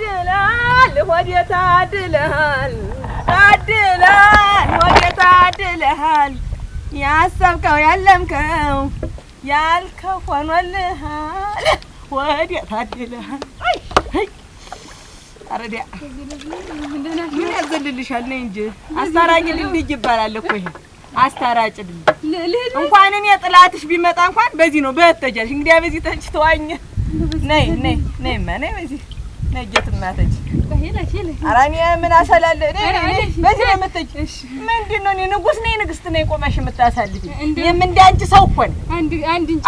ታድላል ወዴ ታድልሃል ታድላል ወዴ ታድልሃል ያሰብከው ያለምከው ያልከው ሆኖልሃል ወዴ ታድልሃል። አረዳ ምን ያዘልልሻል? ነይ እንጂ አስታራቂ ልልጅ ይባላል እኮ ይሄ አስታራቂ ልልጅ። እንኳን እኔ ጥላትሽ ቢመጣ እንኳን በዚህ ነው በተጃልሽ። እንግዲያ በዚህ ተጭ ተዋኘ። ነይ ነይ ነይማ ነይ በዚህ ነይ የትም አትሄጂ። ኧረ ምን አሳላለሁ? በዚህ ነው የምትሄጂ? ምንድን ነው እኔ ንጉሥ ነኝ ንግሥት ነኝ ቆመሽ የምታሳልፊኝ? እኔም እንደ አንቺ ሰው እኮ ነኝ።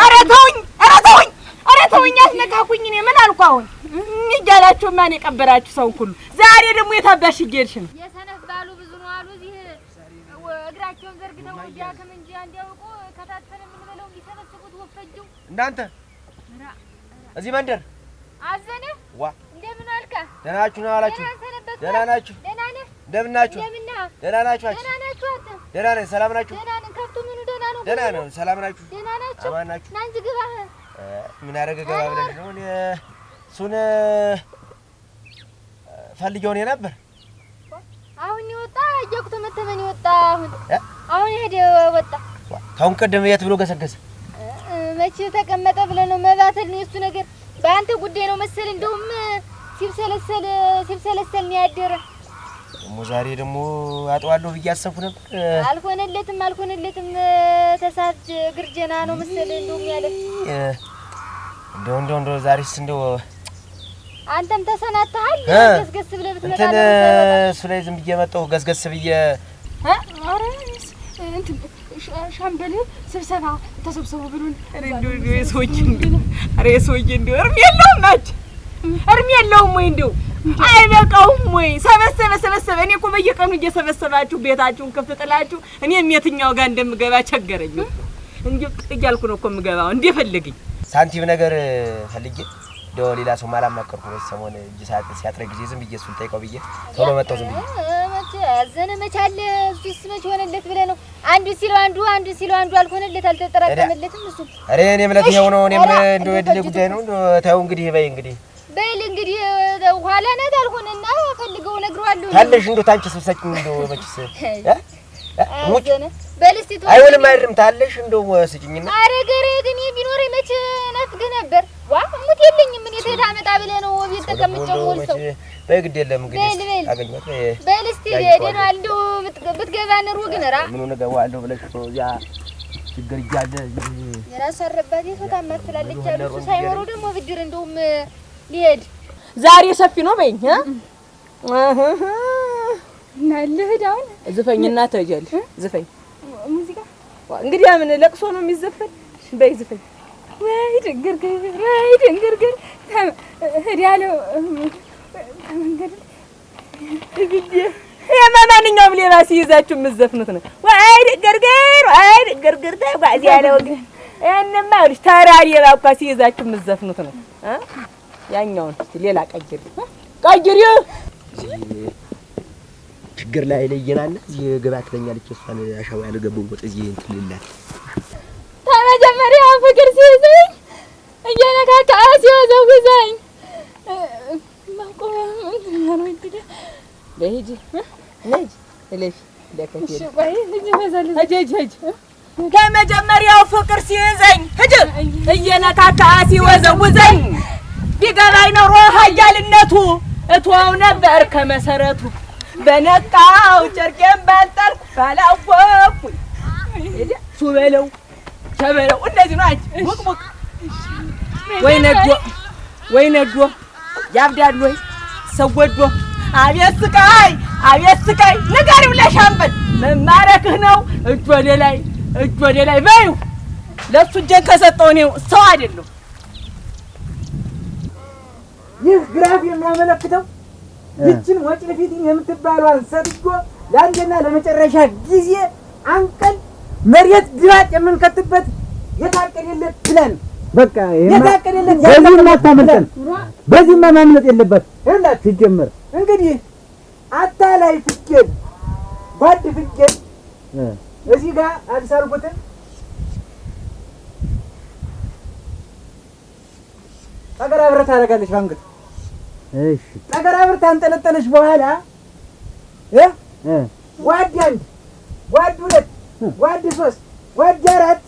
ኧረ ተውኝ! ኧረ ተውኝ! ኧረ ተውኝ! አትነካኩኝ! እኔ ምን አልኩ አሁን? እያላችሁ ማን የቀበራችሁ ሰውን ሁሉ ዛሬ ደግሞ የታባሽ እየሄድሽ ነው? የሰነፍ ባሉ ብዙ ነው አሉ እዚህ እግራቸውን ዘርግተው ወዲያ ከምንጂ እንዲያውቁ ከታተለ የምንበለው የሚሰበስቡት ወፈጁ እናንተ እዚህ መንደር አዘነ ዋ ደህና ናችሁ ነው አላችሁ። ደህና ናችሁ? እንደምን ናችሁ? ደህና ናችሁ? ደህና ነን። ሰላም ናችሁ? ደህና ነው። ሰላም ናችሁ? አማን ናችሁ? ምን አደረገ ገባ ብለሽ ነው? እሱን ፈልጌው እኔ ነበር። አሁን ይወጣ እየቁት መተመን ይወጣ አሁን አሁን ሄደ ወጣ። ካሁን ቀደም የት ብሎ ገሰገሰ? መቼ ተቀመጠ ብለህ ነው መባተል ነው የእሱ ነገር። በአንተ ጉዳይ ነው መሰል እንደውም ሲብሰለሰል ሲብሰለሰል ነው ያደረ። ደግሞ ዛሬ ደግሞ አጠዋለሁ ብዬ አሰብኩ ነበር። አልሆነለትም አልሆነለትም። ግርጀና ነው እንደውም ያለ እንደው እንደው እንደው ዛሬስ እንደው አንተም ገስገስ ብለህ ብትመጣ እንትን እሱ ላይ ዝም ብዬ መጣሁ። ገስገስ ብዬ ሻምበል ስብሰባ ተሰብሰቡ ብሉን። ኧረ እንደው የሰውዬ እንደው ኧረ የሰውዬ እንደው እርም የለውም ናቸው እርሜ የለውም ወይ? እንደው አይበቃውም ወይ? ሰበሰበ ሰበሰበ። እኔ እኮ በየቀኑ እየሰበሰባችሁ ቤታችሁን ክፍት ጥላችሁ እኔም የትኛው ጋር እንደምገባ ቸገረኝ እንጂ እያልኩ ነው እኮ የምገባው እንደፈለግኝ ሳንቲም ነገር ፈልጌ ደ ሌላ ሰው ማላማከርኩ ነው። ሰሞን እጅ ሲያጥረ ጊዜ ዝም ብዬ እሱን ጠይቀው ብዬ ቶሎ መጣሁ። ዝም ብዬ አዘነ መቻለ እሱስ መች ሆነለት ብለህ ነው? አንዱ ሲለው አንዱ አንዱ ሲለው አንዱ አልሆነለት፣ አልተጠራቀመለትም። እሱ እኔ እኔም ለትኛው ነው እኔም እንደው የድል ጉዳይ ነው። ተይው እንግዲህ በይ እንግዲህ በል እንግዲህ ኋላ ናት አልሆነና ፈልገው እነግረዋለሁ። ታለሽ እንደው ታንቺ ስብሰጭኝ እንደው መችስ በልስቲቱ አይሆንም አይደለም ታለሽ እንደው ስጭኝና ኧረ ገረድ ቢኖር መች ነበር። ዋ የለኝም እኔ ብለህ ነው ቤት ሰው በግድ የለም እንግዲህ ደህና እንደው ብትገባ ግን ራ ብለሽ ነው እዚያ ችግር እያለ የራሱ አረባት አሉ ሳይኖረው ደግሞ ብድር እንደውም ልሄድ ዛሬ ሰፊ ነው በይኝ። እና ልሂድ አሁን። ዝፈኝና ተጀል ዝፈኝ። ሙዚቃ እንግዲህ ምን ለቅሶ ነው የሚዘፈን? በይ ዝፈኝ። ወይ ድንግርግር ወይ ድንግርግር ሂድ ያለው ይሄማ ማንኛውም ሌባ ሲይዛችሁ የምትዘፍኑት ነው። ወይ ድንግርግር ወይ ድንግርግር ተጓዝ ያለው ግን ይሄንማ ተራ ሌባ እኮ ሲይዛችሁ የምትዘፍኑት ነው። ያኛውን ሌላ ቀይር ቀይር። ችግር ላይ ለየናል። እዚህ ገባ ትለኛለች። እሷን አሻው ያልገባው ወጥ እዚህ እንትን ልላት ተመጀመሪያ ፍቅር ሲይዘኝ እየነካካ ሲወዘውዘኝ ማቆሚያ ለሂጂ ለሂጂ ለፊ ከመጀመሪያው ፍቅር ሲይዘኝ እጅ እየነካካ ሲወዘውዘኝ ቢገባኝ ኖሮ ሀያልነቱ እትወው ነበር ከመሰረቱ በነቃው ጨርቄን ባልጠልኩ ባላወቅኩኝ ሱበለው ሸበለው እንደዚህ ነው። አንቺ ሙቅሙቅ ወይ ነዶ ወይ ነዶ ያብዳል ወይ ሰወዶ አቤት ስቃይ አቤት ስቃይ ንገሪው ለሻምበል መማረክህ ነው እጅ ወደ ላይ እጅ ወደ ላይ በይው ለእሱ እጄን ከሰጠው እኔው ሰው አይደለሁ። ይህ ግራፍ የሚያመለክተው ይችን ወጭልፊትን የምትባሏን ሰትጎ ለአንድና ለመጨረሻ ጊዜ አንቀን መሬት ድባጭ የምንከትበት የታቀደለት ብለን በቃ የታቀደለት በዚህ አታመልጠን፣ በዚህ ማማምለጥ የለበት ይላት ሲጀምር እንግዲህ አታላይ ፍቄድ ጓድ ፍቄድ እዚህ ጋር አልሳልኩትን ሀገር አብረት ታደርጋለች ባንግት እሺ ጠገራ ብርታ አንጠለጠለች በኋላ እ ጓድ አንድ ጓድ ሁለት ጓድ ሶስት ጓድ አራት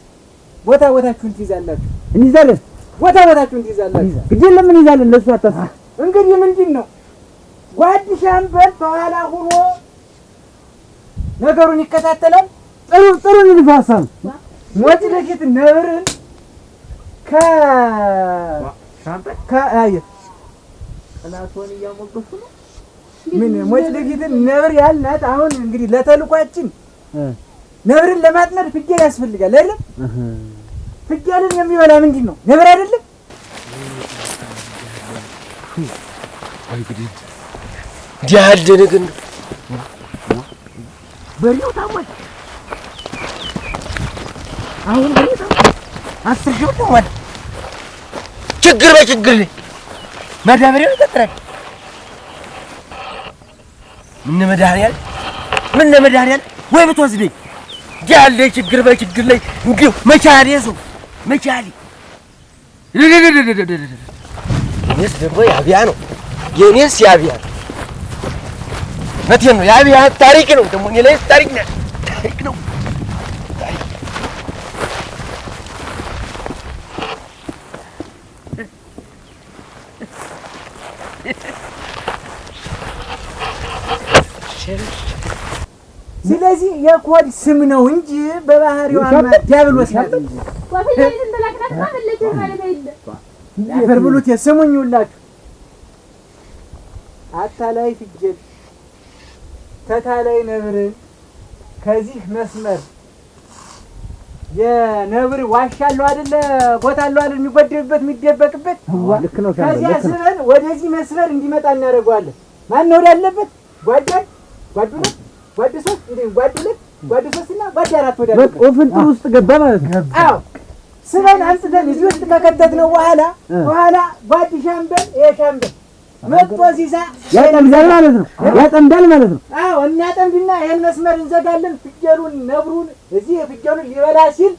ቦታ ቦታችሁን ትይዛላችሁ። እንይዛለን፣ ቦታ ቦታችሁን ትይዛላችሁ። ግድ የለም እንይዛለን። ለእሱ አታስብ። እንግዲህ ምንድን ነው ጓድ ሻምበል በኋላ ሁኖ ነገሩን ይከታተላል። ጥሩ ጥሩ ንድፈ ሀሳብ ሞጭ ነብርን ከ ጥላቶን እያሞገፉ ነው። ምን ሞች ደፊትን ነብር ያልናት አሁን እንግዲህ ለተልኳችን ነብርን ለማጥመድ ፍየል ያስፈልጋል አይደለም? ፍጌልን የሚበላ ምንድን ነው ነብር አይደለም? ዲያደነ ግን በሬው ታሟል። አሁን በሬው ታሟል። አስር ችግር በችግር መዳበሪያ ነው ምን መድኃኒዓለም ምን መድኃኒዓለም ወይ ብትወስደኝ ያለ ችግር በችግር ላይ እንዲሁ መቻሌ ሰው መቻሌ እኔስ ደግሞ ያብያ ነው የእኔስ ያብያ ነው። መቼም ነው ያብያ ታሪክ ነው ደግሞ እኔ ላይ ታሪክ ነው ታሪክ ነው ስለዚህ የኮድ ስም ነው እንጂ በባህሪዋ ዲያብሎስ ነው እንጂ አፈር ብሉት። የስሙኝ ሁላችሁ አታላይ ፍጀት ተታላይ ነብር ከዚህ መስመር የነብር ዋሻ አለው አይደለ? ቦታ አለው አይደል? የሚጎደብበት የሚደበቅበት። ከዚያ ስበን ወደዚህ መስመር እንዲመጣ እናደርገዋለን። ማን ነው ያለበት ጓዳን ጓዱ ነው ጓድ ሦስት እንደ ጓድ ሁለት ጓድ ሦስት እና ጓድ አራት ወደ ፍንጥር ውስጥ ገባ ማለት ነው። አዎ ስበን አንጽተን እዚህ ውስጥ ከከተት ነው በኋላ በኋላ ጓድ ሻምበል የሻምበል መጥቶ ሲሳ ያጠምዳል ማለት ነው። ያጠምዳል ማለት ነው። አዎ እናጠምድና ይሄን መስመር እንዘጋለን። ፍየሉን ነብሩን እዚህ የፍየሉን ሊበላ ሲል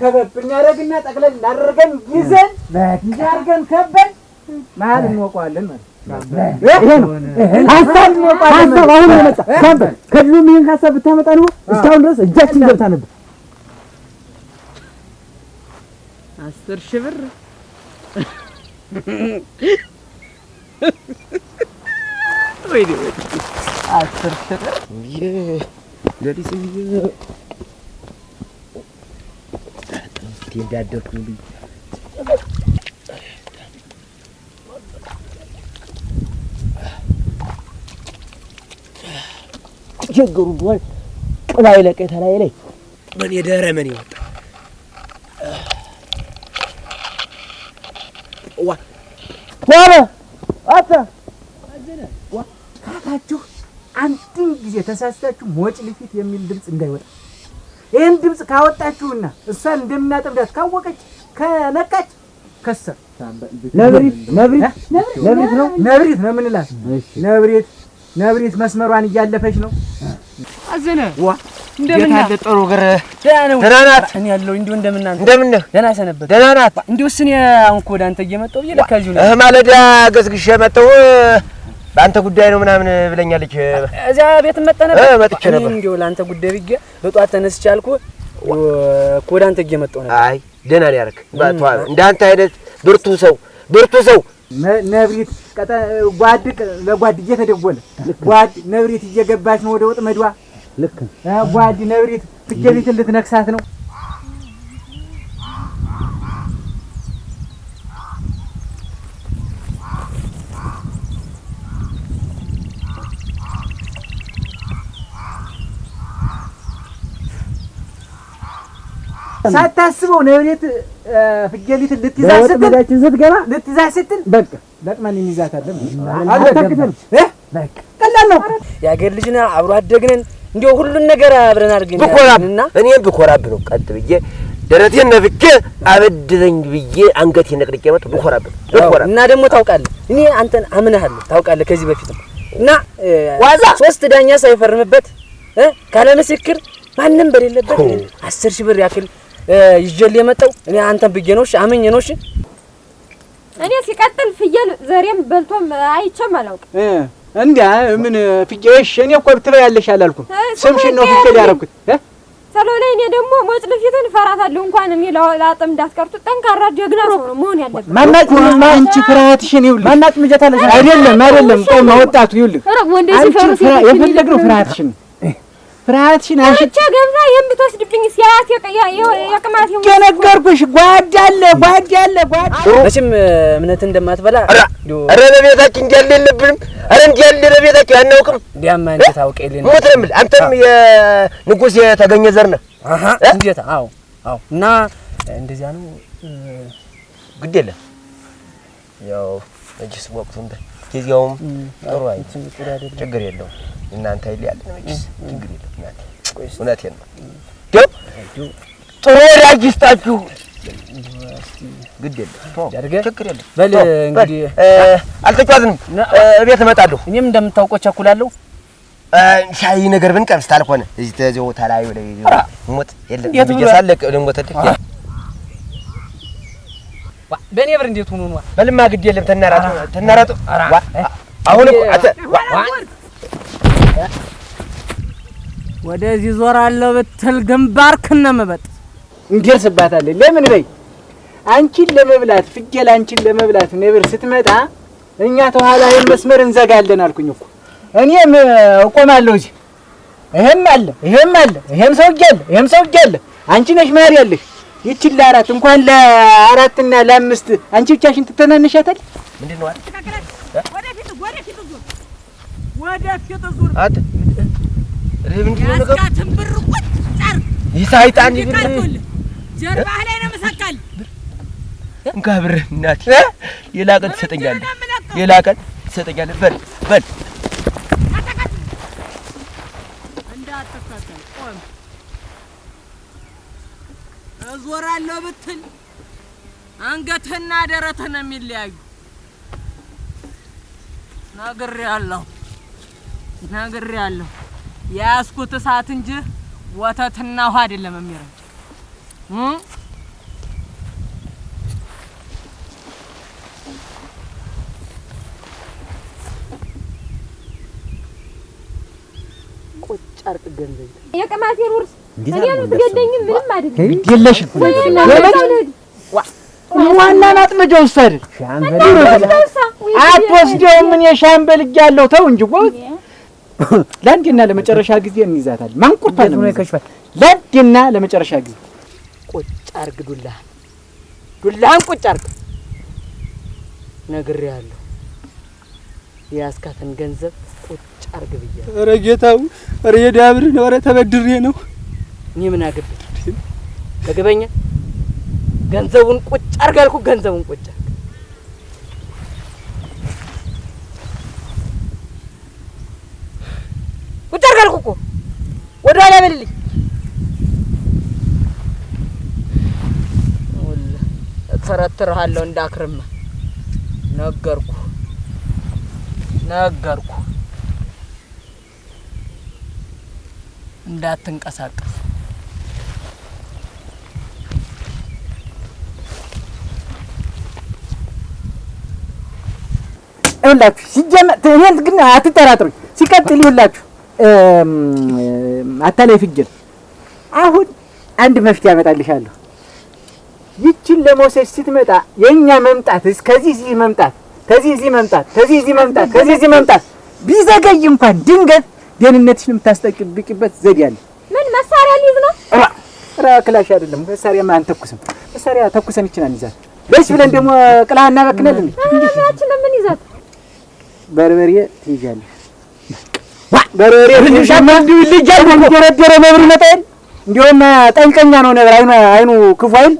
ከበብ እናደርግና ጠቅለን እናደርገን ይዘን እንዳርገን ከበን መሀል እንወቀዋለን ማለት ሀሳብ ሀሳብ አሁን የመጣ ሳምበል ከድሉም ይህን ሀሳብ ብታመጣ ነው እስካሁን ድረስ እጃችን ገብታ ነበር። አስር ሺህ ብር ወይ አስር ሺህ ብር ለሊስ እንዳደርኩ ተቸገሩ ብሆን ጥላይ ለቀይ ተላይ ላይ ምን የደረ ምን ይወጣ ዋ ዋበ አታ ዋ ካታችሁ አንድም ጊዜ ተሳስታችሁ ሞጭ ልፊት የሚል ድምፅ እንዳይወጣ። ይህን ድምፅ ካወጣችሁና እሷን እንደምናጠምዳት ካወቀች ከነቃች ከሰር ነብሪት ነብሪት ነብሪት ነው የምንላት። ነብሪት ነብሪት መስመሯን እያለፈች ነው አዘነ ዋ እንደምን አለ ጥሩ ግር ደህና ናት። እኔ ያለው እንዲሁ እንደምን አንተ እንደምን ነህ? ደህና ሰነበት። ደህና ናት። እንዲሁ ስኔ አሁን እኮ ወደ አንተ እየመጣሁ ብዬ ለካ ነው። እህ ማለዳ ገዝግሼ መጣሁ። በአንተ ጉዳይ ነው ምናምን ብለኛለች። እዚያ ቤት መጣህ ነበር? መጥቼ ነበር። እንዲሁ ለአንተ ጉዳይ ብዬ በጧት ተነስቼ እኮ ወደ አንተ እየመጣሁ ነበር። አይ ደህና ነው እንዳንተ አይነት ብርቱ ሰው ብርቱ ሰው ነብሪት ለጓድ እየተደወለ ጓድ ነብሪት እየገባች ነው ወደ ወጥ መድዋ ልክ ጓድ ነብሪት ፍየሊትን ልትነክሳት ነው። ሳታስበው ነብሬት ፍየሊትን ልትይዛት ስትል ስትገባ ልትይዛት ስትል በቃ ለቅመን እንይዛታለን። ቀላል ነው። የአገር ልጅ ነን፣ አብሮ አደግነን እንዲያው ሁሉን ነገር አብረን አድርገን ብኮራብና እኔም ብኮራብ ነው ቀጥ ብዬ ደረቴን ነፍቄ አበድረኝ ብዬ አንገቴን ነቅድቄ መጡ ብኮራብ ብኮራብ እና ደግሞ ታውቃለህ፣ እኔ አንተን አምናሃለሁ ታውቃለህ። ከዚህ በፊትም እና ዋዛ ሶስት ዳኛ ሳይፈርምበት ካለ ምስክር ማንም በሌለበት አስር ሺህ ብር ያክል ይዤልህ የመጣው እኔ አንተን ብዬ ነው። እሺ አመኘ ነው። እሺ እኔ ሲቀጥል ፍየል ዘሬም በልቶም አይቼም አላውቅም። እንዴ ምን ፍቄሽ፣ እኔ እኮ ብትበያለሽ አላልኩም። ስምሽን ነው ፍቄ ያደረኩት። ስለሆነ እኔ ደግሞ ሞጭ ልፊትን እፈራታለሁ። እንኳን እኔ ላጥም እንዳትቀርቱ ጠንካራ ጀግና ሰው ነው መሆን ያለበት። ማናት አንቺ ፍርሃትሽን ይኸውልህ፣ ማናት ምጀታለሽ አይደለም አይደለም፣ ቆይ ማወጣቱ ይኸውልህ፣ አንቺ የፈለግነው ፍርሃትሽን ፍርሃትሽን አሽቼ ገብታ የምትወስድብኝ ሲያት የቅማት የነገርኩሽ ጓዳ አለ ጓዳ አለ ጓዳ መቼም እምነት እንደማትበላ አረ በቤታችን እንዲያለ የለብንም። አረ እንዲያለ በቤታችን አናውቅም። እንዲያማ እንዴት አውቅ የለን ሞት ነው የምልህ። አንተም የንጉስ የተገኘ ዘር ነህ። እንዴት? አዎ አዎ። እና እንደዚያ ነው። ግድ የለም ያው እጅስ ወቅቱ እንደ ጊዜውም ጥሩ አይ ችግር የለውም እናንተ አይል ያለ ነው እንጂ ችግር የለም። እውነቴን ነው። እንደው ጥሩ ወዳጅ ይስጣችሁ። ግድ የለም ችግር የለም። በል እንግዲህ አልተጫዋትንም። እቤት እመጣለሁ። እኔም እንደምታውቀው ቸኩላለሁ። ሻይ ነገር ብን ብንቀምስ ታልኮነ እዚህ ተዚው ታላዩ ላይ ሞት የለም ብየሳለቅ ልሞትልህ በእኔ ብር እንዴት ሆኖ ነው? በልማ ግድ የለም ተናራጡ ተናራጡ አሁን ወደዚህ ዞራለሁ ብትል ግንባር ክነ መበጥ እንደርስባታለን። ለምን በይ አንቺን ለመብላት ፍጀል አንቺን ለመብላት ነብር ስትመጣ እኛ ተኋላ ይሄን መስመር እንዘጋለን አልኩኝ እኮ እኔም እቆማለሁ እዚህ። ይሄም አለ ይሄም አለ ይሄም ሰው አለ ይሄም ሰው አለ። አንቺ ነሽ ማሪ ያለሽ ይቺን ለአራት እንኳን ለአራትና ለአምስት አንቺ ብቻሽን ትተናነሻታል ምንድን ነው ወደፊት ዙር አት ምንድነው ነገር ትንብር ጀርባህ ላይ ነው መሰካል። እንካ ብርህ እናት ሌላ ትሰጠኛለህ፣ ሌላ ትሰጠኛለህ። በል በል እዞራለሁ ብትል አንገትህና ደረትህ የሚለያዩ። ነግሬሃለሁ። ያለው የያዝኩት እሳት እንጂ ወተትና ውሃ አይደለም የሚረጭ ቁጭ አርቅ ገንዘብ የቅማቴን ውርስ አትወስደውም። እኔ ሻምበል ተው እንጂ ለአንዴና ለመጨረሻ ጊዜ እንይዛታል። ማንቁርቷ ነው ይከሽፋል። ለአንዴና ለመጨረሻ ጊዜ ቁጭ አርግ፣ ዱላህን ዱላህን ቁጭ አርግ። ነግሬሃለሁ፣ የያዝካትን ገንዘብ ቁጭ አርግ ብያለሁ። ኧረ ጌታው፣ ኧረ የዳብር ነው፣ ኧረ ተበድሬ ነው። እኔ ምን አገባኝ? ገበኛ ገንዘቡን ቁጭ አርግ አልኩ፣ ገንዘቡን ቁጭ ተረትርሃለሁ እንዳክርም ነገርኩ ነገርኩ። እንዳትንቀሳቀስ ይሁላችሁ። ሲጀመር እኔን ግን አትጠራጥሩኝ። ሲቀጥል ይሁላችሁ አታላይ ፍጅን አሁን አንድ መፍትሄ አመጣልሻለሁ። ይችን ለመውሰድ ስትመጣ የእኛ መምጣት እስከዚህ እዚህ መምጣት ከዚህ እዚህ መምጣት ከዚህ እዚህ መምጣት ከዚህ እዚህ መምጣት ቢዘገይ እንኳን ድንገት ደህንነትሽን የምታስጠብቂበት ዘዴ አለ። ምን መሳሪያ ሊይዝ ነው? ራ ክላሽ አይደለም መሳሪያማ አንተኩስም። መሳሪያ ተኩሰን ይችላል ይዛት በስ ብለን ደግሞ ቅልሃና በክነልን ያችን ምን ይዛት በርበሬ ትይዣለሽ። በርበሬ ልጅ ደረደረ መብር መጣል እንዲሁም ጠንቀኛ ነው ነበር። አይኑ አይኑ ክፉ አይል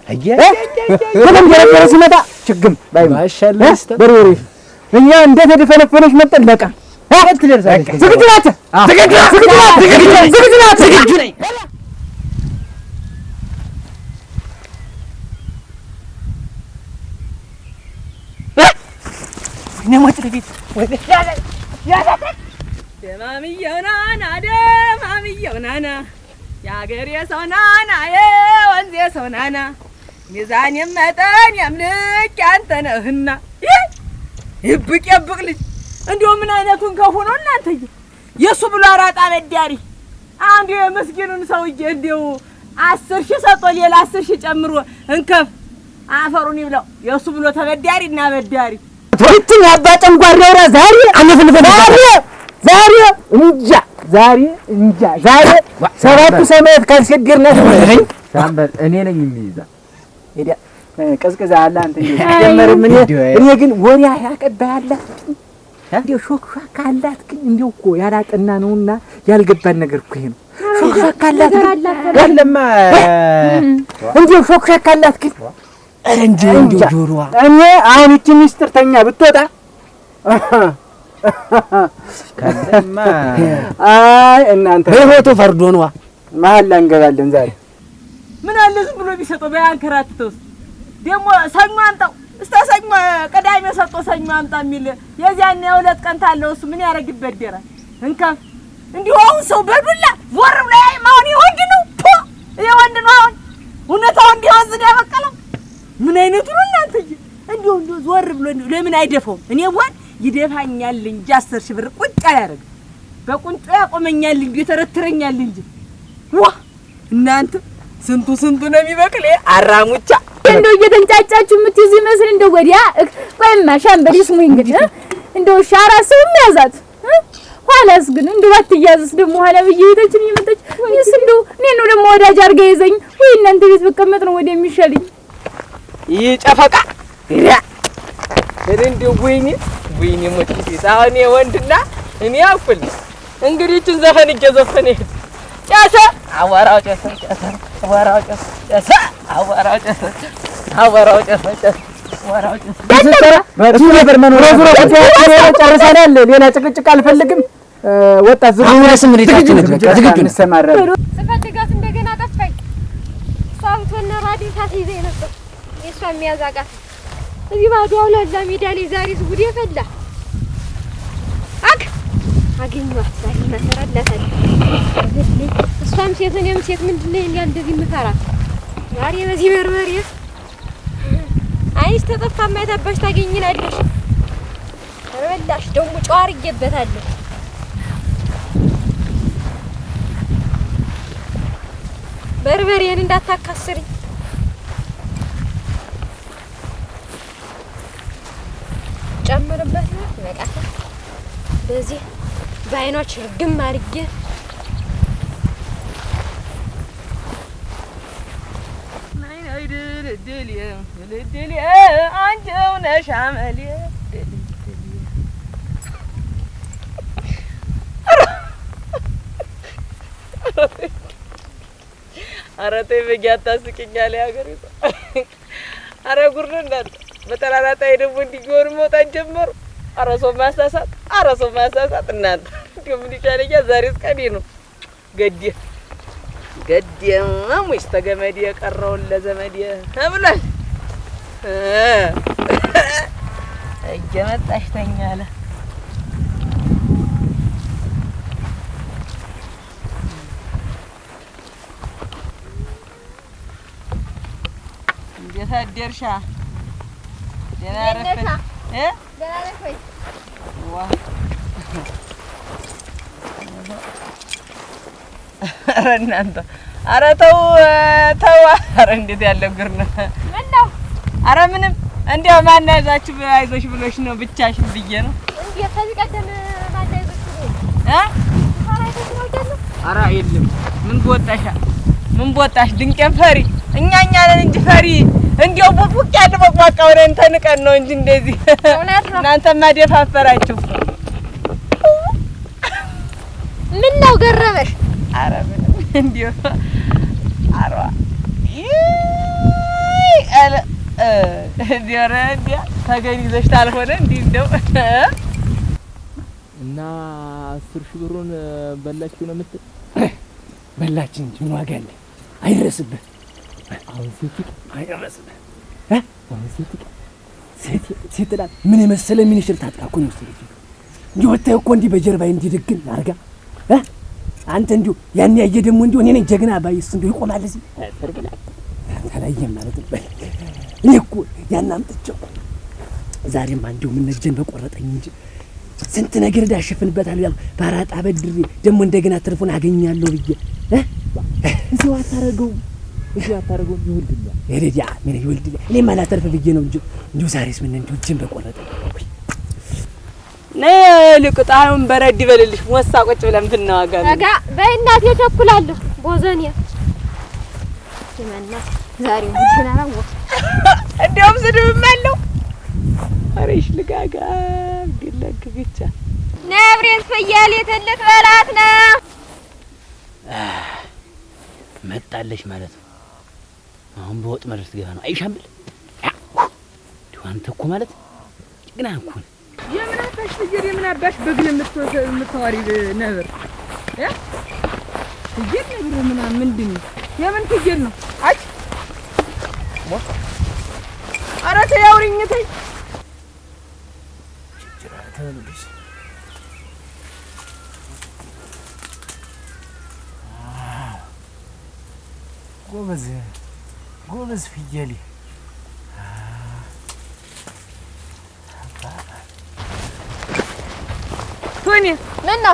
በጣም ገረገረ ሲመጣ ችግም በርበሬ እኛ እንደ ተደፈነፈነች መጠን ለቃ ዝግጁ ናት፣ ዝግጁ ናት፣ ዝግጁ ነኝ። ናና የአገሬ ሰው ናና የወንዜ ሰው ናና ሚዛኔም መጠን የምልክ ያንተ ነህና ይብቅ የብቅ ልጅ እንዲሁ ምን አይነቱን ከሆኖ እናንተዬ የእሱ ብሎ አራጣ ነዳሪ አንዱ የምስኪኑን ሰውዬ እንዲሁ አስር ሺህ ሰጦ ሌላ አስር ሺህ ጨምሮ እንከፍ አፈሩን ይብላው። የእሱ ብሎ ተበዳሪ እና በዳሪ ቶይትን ያባ ጨንጓራውራ ዛሬ አነፍንፈ ዛሬ ዛሬ እንጃ ዛሬ እንጃ ዛሬ ሰባቱ ሰማያት ካልሰገድናት እኔ ነኝ የሚይዛት። ቀዝቅዛ አለ አንተ ጀመርም። እኔ ግን ወሬ ያቀባ ያላት እንዲያው ሾክሾክ አላት። ግን እንዲያው እኮ ያላጠና ነውና ያልገባን ነገር እኮ ይሄ ነው። ሾክሾክ አላት ለማ እንዲያው ሾክሾክ አላት። ግን ኧረ እንጃ እኔ አሁን ይቺ ሚስጥርተኛ ብትወጣ አይ እናንተ በህይወቱ ፈርዶ ነዋ። መሀል ላይ እንገባለን ዛሬ። ምን አለ ዝም ብሎ ቢሰጠው ባያንከራትተውስ። ደግሞ ሰኞ አምጣው እስከ ሰኞ ቅዳሜ ሰጦ ሰኞ አምጣ የሚል የዚያን የሁለት ቀን ታለው እሱ ምን ያደርግበት ደራል እንከፍ እንዲሁ አሁን ሰው በዱላ ዞር ብሎ ያይም አሁን የወንድ ነው የወንድ ነው አሁን እውነታው እንዲወዝን ያበቀለው ምን አይነቱ ነው እናንተ እንዲሁ እንዲሁ ዞር ብሎ ለምን አይደፈውም እኔ ወን ይደፋኛል እንጂ አስር ሺህ ብር ቁጭ አያደርግም። በቁንጮ ያቆመኛል እንጂ የተረትረኛል እንጂ ዋ እናንተ ስንቱ ስንቱ ነው የሚበቅል አራሙቻ እንደው እየተንጫጫችሁ የምትይዙ ይመስል እንደው ወዲያ ቆይማ ሻምበል ይስሙኝ እንግዲህ እንደው ሻራ ሰው የሚያዛት ኋላስ ግን እንደው አትያዝስ ደግሞ ኋላ ብዬሽ እህታችን እየመጣች እኔስ እንደው እኔን ነው ደግሞ ወዳጅ አድርጋ ይዘኝ ወይ እናንተ ቤት ብቀመጥ ነው ወዲያ የሚሻልኝ ይጨፈቃ እኔ እንደው ወይኔ ወይኔ ሞትቤት አሁን ወንድና እኔ አፍል እንግዲህ ዘፈን እየዘፈነ ይሄድ ጨሰ አዋራው ጨሰ ጨሰ አዋራው ጨሰ ጨሰ አዋራው ጨሰ አዋራው ጨሰ ጨሰ ጨርሰናል። ሌላ ጭቅጭቅ አልፈልግም። ወጣት እንደገና ጠፋኝ። ነበር የእሷ እዚህ ባዶ አውላ እዛ ሜዳ ላይ ዛሬ ጉድ የፈላ አክ አገኘኋት ዛሬ እናሰራላታለን። እሷም ሴት እኔም ሴት ምንድን ነው እንዲያ እንደዚህ የምፈራት ዛሬ በዚህ በርበሬ አይስ ተጠፋ የማይታባሽ ታገኝላለሽ። በላሽ ደግሞ ጨው አድርጌበታለሁ። በርበሬን እንዳታካስሪኝ ጨምርበት ነው በዚህ በአይኖች እርግም አድርጌ አንቺው ነሽ አመሌ አረ ተይ በጊዜ አታስቂኝ አለ አረ ኧረ እንዳለ በተራራታ ደግሞ እንዲጎር መውጣት ጀመሩ። አረሶ ማሳሳት አረሶ ማሳሳት እናንተ እንዲሁ ምን ይሻለኛ ዛሬ ነው ገዴ ገዴ ሙሽ ተገመዴ የቀረውን ለዘመዴ ብሏል። እየመጣሽ ተኛ እንዴት አደርሻ ኧረ ¿Eh? eh, እናንተ ¿Eh? አረ ተው ተው። ኧረ እንዴት ያለ እግር ነው! ምነው? ኧረ ምንም እንዲያው ማነው አይዛችሁ አይዞሽ ብሎሽ ነው ብቻሽን ብዬ ነው። ከዚህ የለም። ምን በወጣሻ? ምን በወጣሽ? ድንቄን ፈሪ እኛ እኛ ነን እንጂ ፈሪ እንዲያው ቡቡቅ ያድበቅ በቃ ወደ አንተ ንቀን ነው እንጂ እንደዚህ እናንተማ ደፋፈራችሁ። ምን ነው ገረመሽ? ኧረ ምንም እንዲያው ኧረ ኧረ እንዲያ ተገኝ ይዘሽ ታልሆነ እንዲህ እንደው እና አስር ሺህ ብሩን በላችሁ ነው የምትል በላችን እንጂ ዋጋ አለ አይደረስብህ አሁን ምን የመሰለ ሚኒሽር ታጥቃ እኮ ነው ሴት እንዲወጣው እኮ እንዲህ በጀርባዬ እንዲድግን ድግን አርጋ አንተ እንዲሁ ያን ያየ ደግሞ እንዲሁ እኔ ነኝ ጀግና ባይስ እንዲሁ ይቆማል እዚህ ተለየ ማለት ነው። እኔ እኮ ያን አምጥቼው ዛሬማ እንዲሁ ምነጀን በቆረጠኝ እንጂ ስንት ነገር ዳሸፍንበታለሁ ያልኩ ባራጣ በድሬ ደግሞ እንደገና ትርፉን አገኛለሁ ብዬ እዚሁ አታረገውም። እዚህ አታደርገውም? ይወልድልኛ ይሄድያ ምን ይወልድልኛ። እኔማ ላተርፍ ብዬ ነው እንጂ እንዲሁ ዛሬስ ምን እንዲሁ እጅን በቆረጠ ነይ ልቅጣውን በረድ ይበልልሽ። ሞሳ ቁጭ ብለን ብናዋጋ ረጋ በእናት እናቴ፣ እቸኩላለሁ። ቦዘኔ ይመናስ ዛሬ ምንሽና ነው እንደውም ስድብም አለው። አረሽ ልጋጋ ግለግ ብቻ ነብሬን ፈያሌ ትልቅ በላት ነው መጣለሽ ማለት ነው። አሁን በወጥ መድረስ ገባ ነው። አይሻምል አንተ እኮ ማለት ጀግና እኮ ነው። የምን አባሽ ፍየል፣ የምን አባሽ በግል የምታወሪ ነብር፣ ፍየል ነብር ምናምን ምንድን ነው? የምን ፍየል ነው? አይ ኧረ ተይ አውሪኝ ተይ غامز فيالي ቶኒ ነና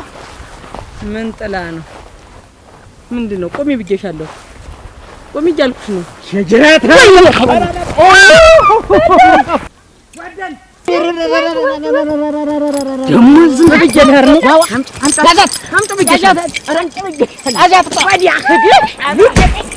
ምን ጥላ ነው? ምንድን ነው? ቆሚ ብዬሻለሁ። ቆሚ እያልኩሽ ነው። ሸጅራት ደግሞ ዝም ብዬሽ ነው። አምጥ ብዬሽ አምጥ ብዬሽ አምጥ ብዬሽ